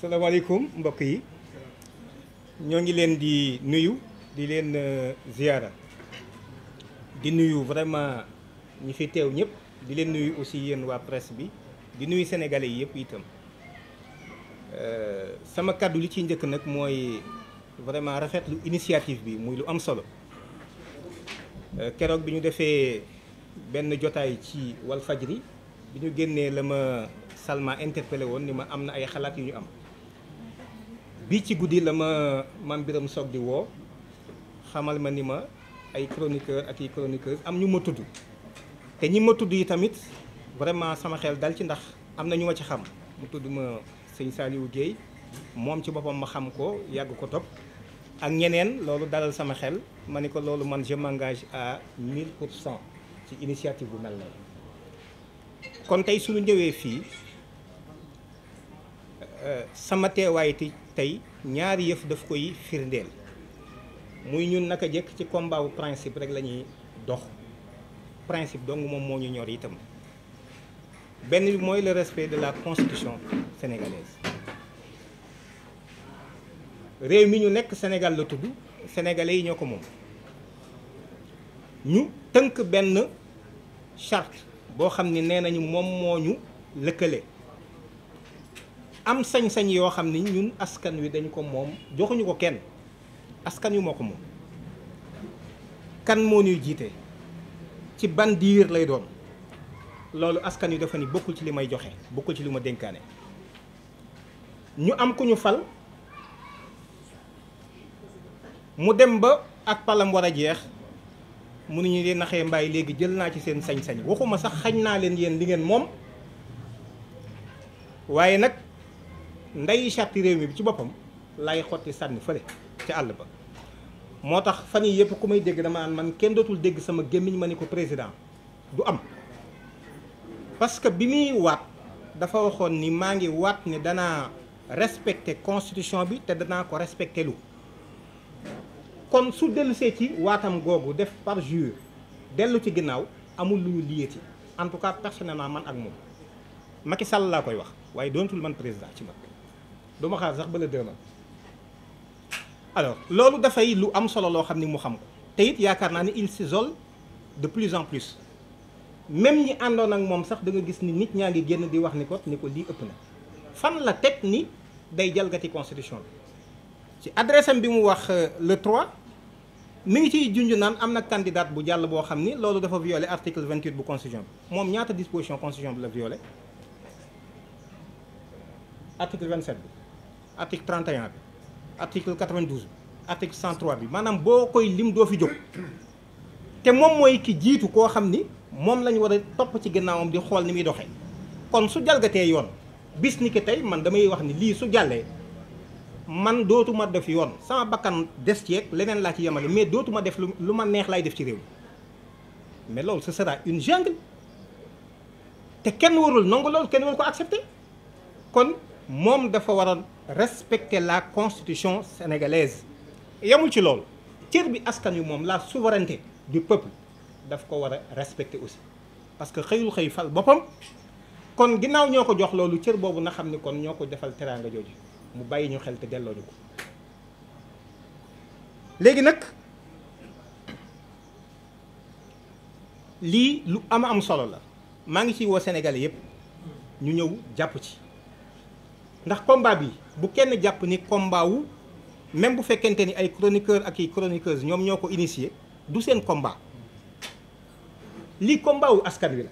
salaamaaleykum mbokk yi ñoo ngi leen di nuyu di leen euh, ziara di nuyu vraiment ñi fi teew ñëpp di leen nuyu aussi yéen waa presse bi di nuyu sénégalais yi yëpp itam euh, sama kàddu li ci njëkk nag mooy vraiment rafetlu initiative bi muy lu am solo euh, keroog bi ñu defee benn jotaay ci Walfajri bi ñu génnee la ma Salma interpellé woon ni ma am na ay xalaat yu ñu am bii ci guddi la ma man Biram Sock di woo xamal ma ni ma ay chroniqueur ak i chroniqueur am ñu ma tudd te ñi ma tudd yi tamit vraiment sama xel dal ci ndax am na ñu ma ci xam mu tudd ma sëñ Saliou Guèye moom ci boppam ma xam ko yàgg ko topp ak ñeneen loolu dalal sama xel ma ni ko loolu man je mangage à 1000 pour cent ci initiative bu mel noonu kon tey suñu ñëwee fii sama teewaay tey ñaari yëf daf koy firndeel muy ñun naka jëkk ci combat wu principe rek lañuy dox principe donc moom moo ñu ñor itam benn bi mooy le respect de la constitution sénégalaise réew mi ñu nekk Sénégal la tudd sénégalais yi ñoo ko moom ñu tënk benn charte boo xam ne nee nañu moom moo ñu lëkkale am sañ-sañ yoo xam ni ñun askan wi dañu ko moom joxuñu ko kenn askan wi moo ko moom kan moo ñuy jiite ci ban diir lay doon loolu askan wi dafa ni bokkul ci li may joxe bokkul ci li ma dénkaane ñu am ku ñu fal mu dem ba ak palam war a jeex mu ni ñu leen naxee mbaay léegi jël naa ci seen sañ-sañ waxuma sax xañ naa leen yéen li ngeen moom waaye nag nday charte réew mi bi ci boppam lay xotti sànni fële ci àll ba moo tax fan yi yëpp ku may dégg dama naan man kenn dootul dégg sama gémmiñ ma ni ko président du am parce que bi muy waat dafa waxoon ni maa ngi waat ne danaa respecter constitution bi te danaa ko respecter lu kon su dellusee ci waatam googu def par jure dellu ci ginnaaw amul lu ñu liyeeti en tout cas personnellement man ak moom Macky Sall laa koy wax waaye doontul man président ci man du ma xaar sax ba le deux mois alors loolu dafay lu am solo loo xam ni mu xam ko te yaakaar naa ni il s'isole de plus en plus même ñi àndoon ak moom sax da nga gis ni nit ñaa ngi génn di wax ni ko ni ko lii ëpp na fan la teg ni day jalgati constitution bi ci adresse am bi mu wax euh, le 3 mi ngi ciy junj naan am na candidat bu jàll boo xam ni loolu dafa violé article 28 bu constitution bi moom ñaata disposition constitution bi la violé article bi. article 31 bi article 92 bi article bi maanaam boo koy lim doo fi jóg te moom mooy ki jiitu koo xam ni moom la ñu war a topp ci ginnaawam di xool ni muy doxee kon su jalgatee yoon bis ni ki tey man damay wax ni lii su jàllee man dootuma def yoon sama bakkan des ci yeeg leneen laa ci yemale mais dootuma def lu ma neex lay def ci réew mi mais loolu ce sera une jungle te kenn warul nangu lool kenn warul ko accepter kon moom dafa waroon respecter la constitution sénégalaise yemul ci loolu cër bi askan wi moom la souveraineté du peuple daf ko war a respecté aussi parce que xëyul xëy fal boppam kon ginnaaw ñoo ko jox loolu cër boobu na xam ni kon ñoo ko defal teraanga jooju mu bàyyi ñu xel te delloo ko léegi nag lii lu ama am solo la maa ngi ciy woo Sénégalais yëpp ñu ñëw jàpp ci ndax combat bi bu kenn jàpp ni combat wu même bu fekkente ni ay chroniqueur ak i chroniqueuse ñoom ñoo ko initié du seen combat lii combat wu askan wi la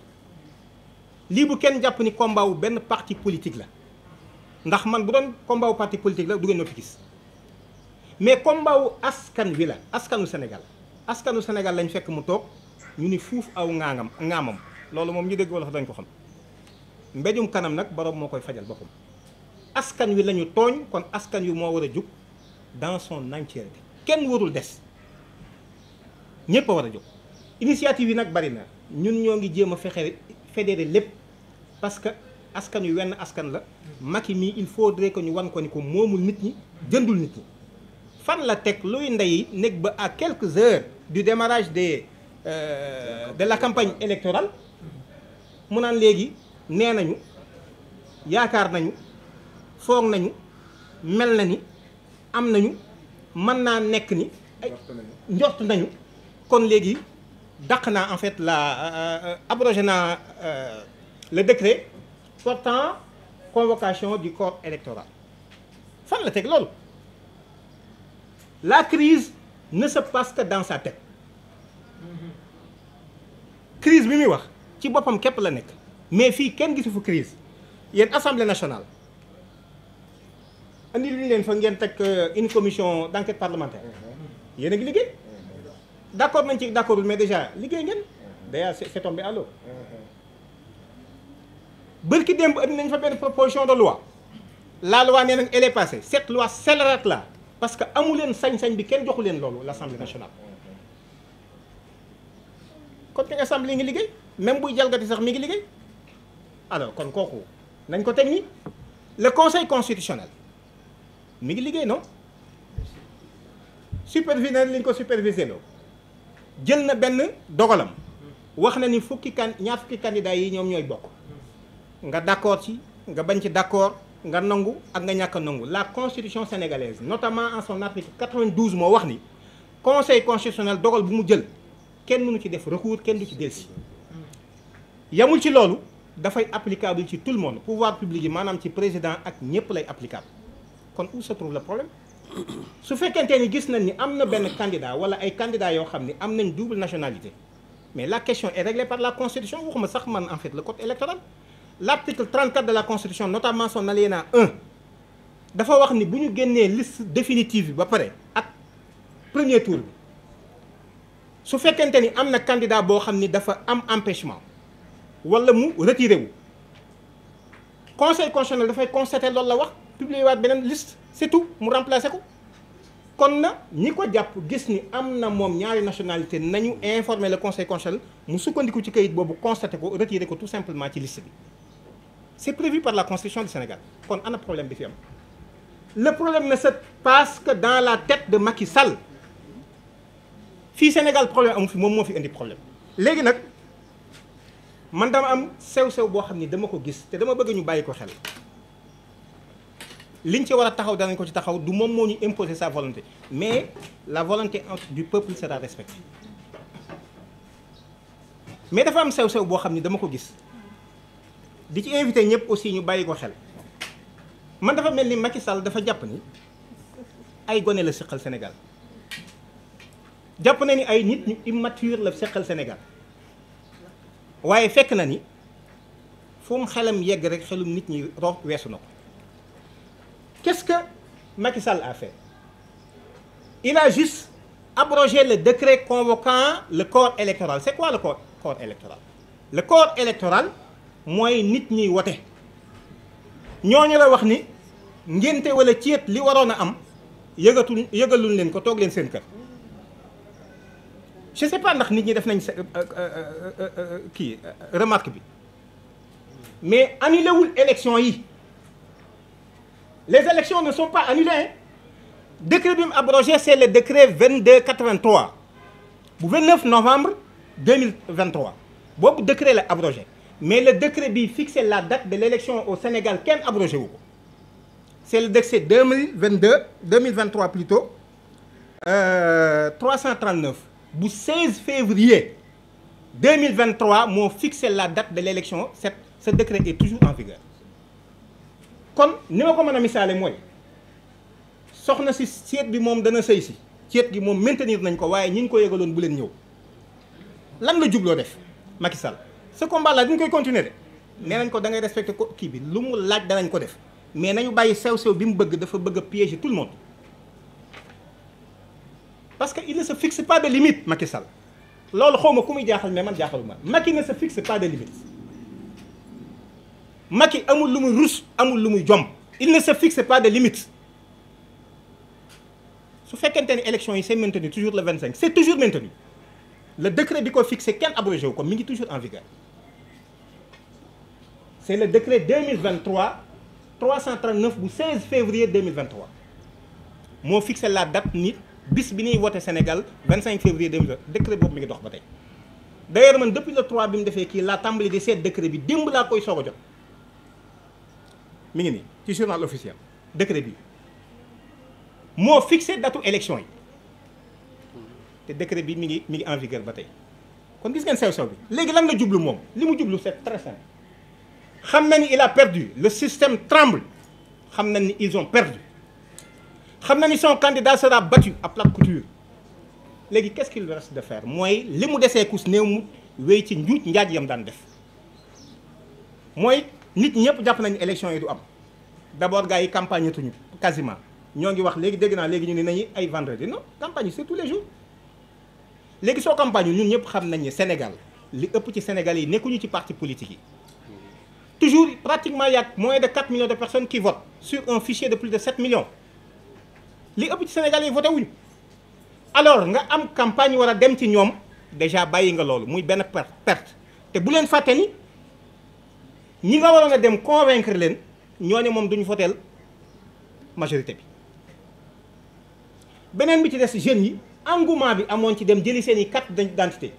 lii bu kenn jàpp ni combat wu benn parti politique la ndax man bu doon combat wu parti politique la du ngeen ma fi gis mais combat wu askan wi la askanu Sénégal askanu Sénégal lañ fekk mu toog ñu ni fuuf aw ŋaangam ŋaamam loolu moom ñu dégg wala dañ ko xam mbéjum kanam nag borom moo koy fajal boppam. askan wi lañu tooñ kon askan yu moo war a jóg dans son entièreté kenn warul des ñëpp a war a jóg initiative yi nag bari na ñun ñoo ngi jéem a fexe fédéré lépp parce que askan wi wenn askan la Macky mii il faut faudrait que ñu wan ko ni ko moomul nit ñi jëndul nit ñi fan la teg luy ndey nekk ba à quelques heures du démarrage de euh, de la campagne électorale mu naan léegi nee nañu yaakaar nañu foog nañu mel na ni am nañu mën naa nekk ni ay njort nañu kon léegi daq naa en fait la euh, euh, abrogé naa euh, le décret portant convocation du corps électoral fan la teg loolu la crise ne se passe que dans sa tête crise bi muy wax ci boppam képp la nekk mais fii kenn gisufu crise yéen assemblée nationale andi lu ñu leen fa ngeen teg euh, une commission d' enquête parlementaire mhm. yéen a ngi liggéey mhm. d' accord nañ ci d' mais déjà liggéey ngeen déjà c' est tombé à mhm. bërki démb andi nañ fa benn proposition de loi la loi nee nañ elle est passée cette loi scélérate là parce que amu leen sañ-sañ bi kenn joxu leen loolu la assemblée nationale kon te assemblée ngi liggéey même buy jalgati sax mi ngi liggéey alors kon kooku nañ ko teg ni le conseil constitutionnel mi ngi liggéey non superviseur li ñu ko supervisé loo jël na benn dogalam wax na ni fukki kan ñaar fukki candidat yi ñoom ñooy bokk nga d'accord ci nga bañ ci d'accord nga nangu ak nga ñàkk a nangu la constitution sénégalaise notamment en son article 92 moo wax ni conseil constitutionnel dogal bu mu jël kenn mënu ci def recours kenn du ci delsi yamul ci loolu dafay applicable ci tout le monde pouvoir public yi maanaam ci président ak ñépp lay applicable kon ou se trouve le problème su fekkente ni gis nañ ni am na benn candidat wala ay candidats yoo xam ni am nañ double nationalité mais la question est réglée par la constitution waxuma sax man en fait la code électoral l'article 34 de la constitution notamment son alinéa 1 dafa wax ni bu ñu génnee liste définitive bi ba pare ak premier tour bi su fekkente ni am na candidat boo xam ni dafa am empêchement walla mu retiré wu conseil constitutionnel dafay constater loolu la wax publier waat beneen liste c'est mu remplacer ko kon na ñi ko jàpp gis ni am na moom ñaari nationalité nañu informer la conseil constitutionnel mu sukkandiku ci kayit boobu constaté ko retirer ko tout simplement ci liste bi c'est prévu par la constitution du Sénégal kon ana problème bi fi am le problème ne se passe que dans la tête de Macky Sall fii Sénégal problème amu fi moom moo fi indi problème léegi nag man dama am sew-sew boo xam ni dama ko gis te dama bëgg ñu bàyyi ko xel liñ ci war a taxaw danañ ko ci taxaw du moom moo ñu imposer sa volonté mais la volonté du peuple sera respectée mais dafa am sew-sew boo xam ni dama ko gis di ci invité ñëpp aussi ñu bàyyi ko xel man dafa mel ni Macky Sall dafa jàpp ni ay gone la seqal Sénégal jàpp na ni ay nit ñu immature la seqal Sénégal waaye fekk na ni fu xelam yegg rek xelum nit ñi ro weesu na ko Qu'est-ce que Macky Sall a fait Il a juste abrogé le décret convoquant le corps électoral. C'est quoi le corps, électoral Le corps électoral, mooy nit ñiy wote ñooñu la wax ni ngénte wala céet li waroon a am yëgatul yëgaluñ leen ko toog leen seen kër je sais ndax nit ñi def nañ euh, euh, euh, kii remarque bi mais annulé wul élection yi. les élections ne sont pas annulées décret bi mu abrogé c' est le décret 22 83 bu 29 novembre 2023 boobu décret la abrogé mais le décret bi fixé la date de l' au Sénégal kenn abrogé wu ko c' est le décret 2022 2023 plutôt euh, 339 bu 16 février 2023 moo fixé la date de l' élection cette ce décret est toujours en vigueur. kon ni ma ko mën a misaale mooy soxna si seet bi moom dana sëy si seet gi moom maintenir nañ ko waaye ñi ñu ko yëgaloon bu leen ñëw lan la jubloo def Macky Sall ce combat là dañ koy continuer de nee nañ ko da ngay respecté ko kii bi lu mu laaj danañ ko def mais nañu bàyyi sew-sew bi mu bëgg dafa bëgg a piéger tout le monde parce que il sa se fixe pas de limite Macky Sall loolu xaw ma ku muy jaaxal mais man jaaxaluma Macky ne se fixe pas de limite Macky amul lu mu rus amul lu mu jom il ne se fixe pas de limites su fekkente ni élection yi c'est maintenu toujours le 25 c'est toujours maintenu le décret bi ko fixé kenn abrogé ko mi ngi toujours en vigueur c'est le décret 2023 339 bu 16 février 2023 moo fixé la date nit bis bi ñuy voté Sénégal 25 février 2023 décret boobu mi ngi dox ba tey d'ailleurs man depuis le 3 bi mu defee kii laa tàmbali di seet décret bi démb laa koy soog a jot mi ngi nii ci journal officiel décret bi moo fixé datu élection yi te décret bi mi ngi mi ngi en vigueur ba tey kon gis sew-sew bi léegi lan la jublu moom li mu jublu c'est très simple xam na ni il a perdu le système tremble xam na ni ils ont perdu xam na ni son candidat sera battu à plate couture léegi qu'est-ce de faire mooy li mu desee kus néew mu wéy ci njuuj njaaj yam daan def mooy nit ñi ñëpp jàpp nañu élection yi du am d'abord gars yi campagne tuñu quasiment ñoo ngi wax léegi dégg naa léegi ñu ne nañu ay vendredi non campagne c'est tous les jours léegi soo campagne ñun ñëpp xam nañ Sénégal li ëpp ci Sénégal yi nekkuñu ci parti politique yi toujours pratiquement y a de 4 millions de personnes qui votent sur un fichier de plus de 7 millions li ëpp ci Sénégal yi voté wuñu alors nga am campagne war a dem ci ñoom déjà bàyyi nga loolu muy benn perte te bu leen fàtte ñi nga waroon a dem convaincre leen ñoo ne moom duñu foteel majorité bi beneen bi ci des jeunes yi engouement bi amoon ci dem jëli seen i dañ d'identité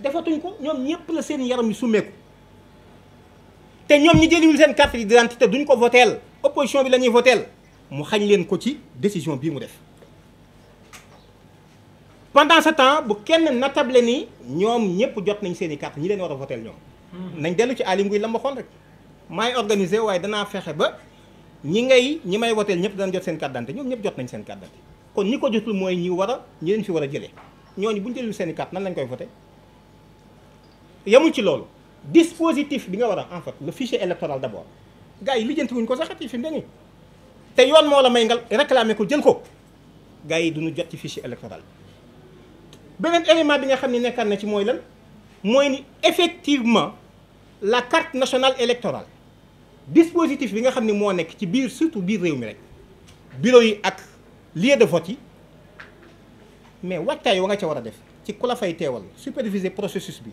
defatuñ ko ñoom ñëpp la seen yaram yi summeeku te ñoom ñi jëliwul seen carte d'identité duñ ko voteel opposition bi la ñuy voteel mu xañ leen ko ci décision bii mu def pendant ce temps bu kenn natable ni ñoom ñëpp jot nañ seen i carte ñi leen war a voteel ñoom nañ dellu ci Aly Ngouille la ma waxoon rek maay organisé waaye danaa fexe ba ñi ngay ñi may woteel ñëpp danañ jot seen carte ñoom ñëpp jot nañ seen carte kon ñi ko jotul mooy ñi war a ñi leen fi war a jëlee ñooñu bu ñu jëlul seen i carte nan lañ koy voté yemul ci loolu dispositif bi nga war a en fait le fichier électoral d'abord gars yi lijjanti wuñ ko saxati fi mu nii te yoon moo la may nga réclamer ko jël ko gars yi duñu jot ci fichier électoral beneen élément bi nga xam ne nekkaat na ci mooy lan mooy ni effectivement la carte nationale électorale dispositif bi nga xam ne moo nekk ci biir surtout biir réew mi rek bureau yi ak lieu de vote yi mais waajtaay wa nga ca war a def ci ku la fay teewal superviser processus bi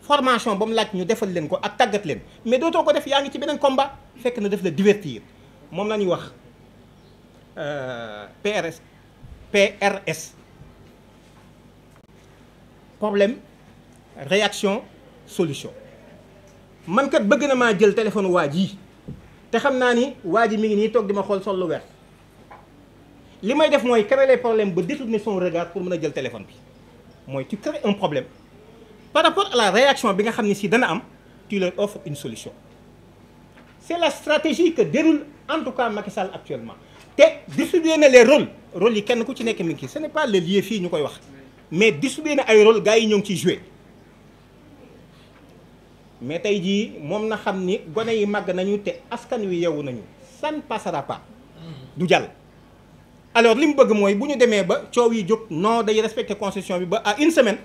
formation ba mu laaj ñu defal leen ko ak tàggat leen mais dootoo ko def yaa ngi ci beneen combat fekk na def la divertir moom la ñuy wax euh, PRS PRS problème réaction solution man kat bëgg na maa jël téléphone waa ji te xam naa ni waa ji mi ngi nii toog di ma xool sol lu weer li may def mooy créer problème ba détourner son regard pour mën a jël téléphone bi mooy tu crées un problème par rapport à la réaction bi nga xam ne si dana am tu leur offres une solution c'est la stratégie que déroule en tout cas Macky Sall actuellement te distribuer na les rôles rôles yi kenn ku ci nekk mi ngi ce n'est pas lieu fii ñu koy wax mais distribuer na ay rôles gars yi ñoo ngi ciy jouer mais tey jii moom na xam ni gone yi màgg nañu te askan wi yeewu nañu san ne passera mm-hmm. du jàll alors li mu bëgg mooy bu ñu demee ba coow yi jóg non day respecté constitution bi ba à une semaine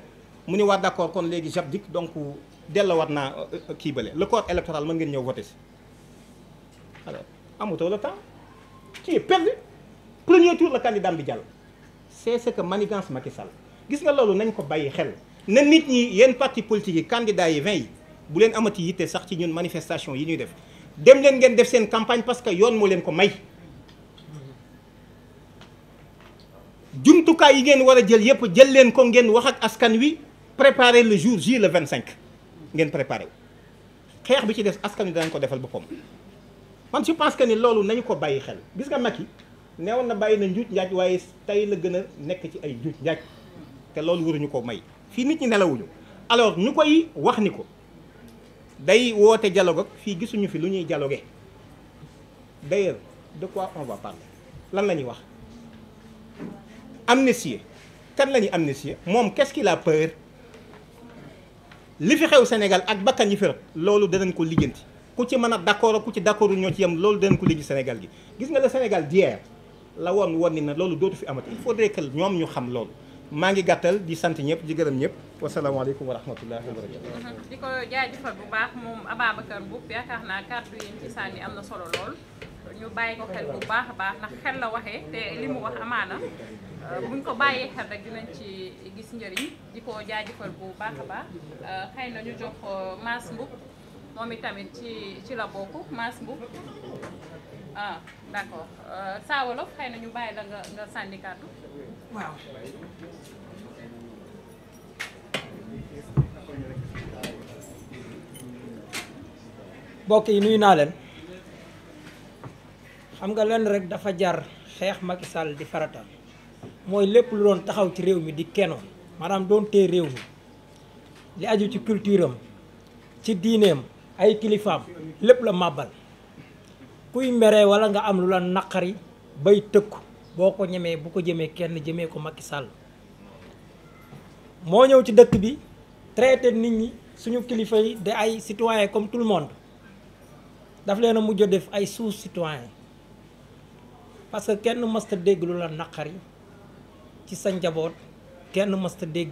mu ni waa d'accord kon léegi j'abdique donc delluwaat naa euh, kii bële le corps électoral mën ngeen ñëw voté si alors amatoo le temps qui est perdu premier tour la candidat bi jàll c'est ce que manigance Macky Sall gis nga loolu nañ ko bàyyi xel na nit ñi yenn parti politique yi candidats yi 20 bu leen amati yitte sax ci ñun manifestation yi ñuy def dem leen ngeen def seen campagne parce que yoon moo leen ko may jumtukaay yi ngeen war a jël yëpp jël leen ko ngeen wax ak askan wi préparer le jour J vingt cinq ngeen préparer wu xeex bi ci des askan wi danañ ko defal boppam man je pense que ni loolu nañu ko bàyyi xel gis nga Macky neewoon na bàyyi na njuuj njaaj waaye tey la gën a nekk ci ay njuuj njaaj te loolu waruñu ko may fii nit ñi nelawuñu alors ñu koy wax ni ko day woote dialogue fii gisuñu fi lu ñuy dialoguer d'ailleurs de quoi on va parler lan la ñuy wax amnistier kan la ñuy amnistier moom qu'est-ce qu'il a peur li fi xew Sénégal ak bakkan yi fi loolu loolu danañ ko lijjanti ku ci mën a d'accord ku ci d'accord ñoo ci yem loolu danañ ko lijjanti Sénégal gi gis nga le Sénégal d'hier la woon woon ni na loolu dootu fi amati il faudrait que ñoom ñu xam loolu maa ngi gàttal di sant ñëpp di gërëm ñëpp wasalaamaaleykum wa rahmatullahi wa barakatu mhm. di ko jaajëfal bu baax moom Ababacar Mboup yaakaar naa kàddu yi ci sànni am na solo lool ñu bàyyi ko xel bu baax a baax ndax xel la waxee te li mu wax amaana euh, buñ ko bàyyee xel rek dinañ ci gis njëriñ di ko jaajëfal bu baax a baax euh, xëy na ñu jox euh, Mass Mboup moom itamit ci ci la bokk Mass Mboup ah d'accord Saa Wolof xëy na ñu bàyyi la nga sànni kàddu waaw yi nuyu naa leen xam nga leen rekk dafa jar xeex Macky Sall di farata mooy lépp lu doon taxaw ci réew mi di kenoon maanaam doon tee réew mi li aju ci culture ci diineem ay kilifaam lépp la màbbal kuy mere walla nga am lu la naqari bay tëkku boo ko ñemee bu ko jëmee kenn jëmee ko Macky Sall moo ñëw ci dëkk bi traité nit ñi suñu kilifa yi de ay citoyens comme tout le monde daf leen a mujj def ay sous citoyens parce que kenn mësta dégg lu la naqari ci sa njaboot kenn mësta dégg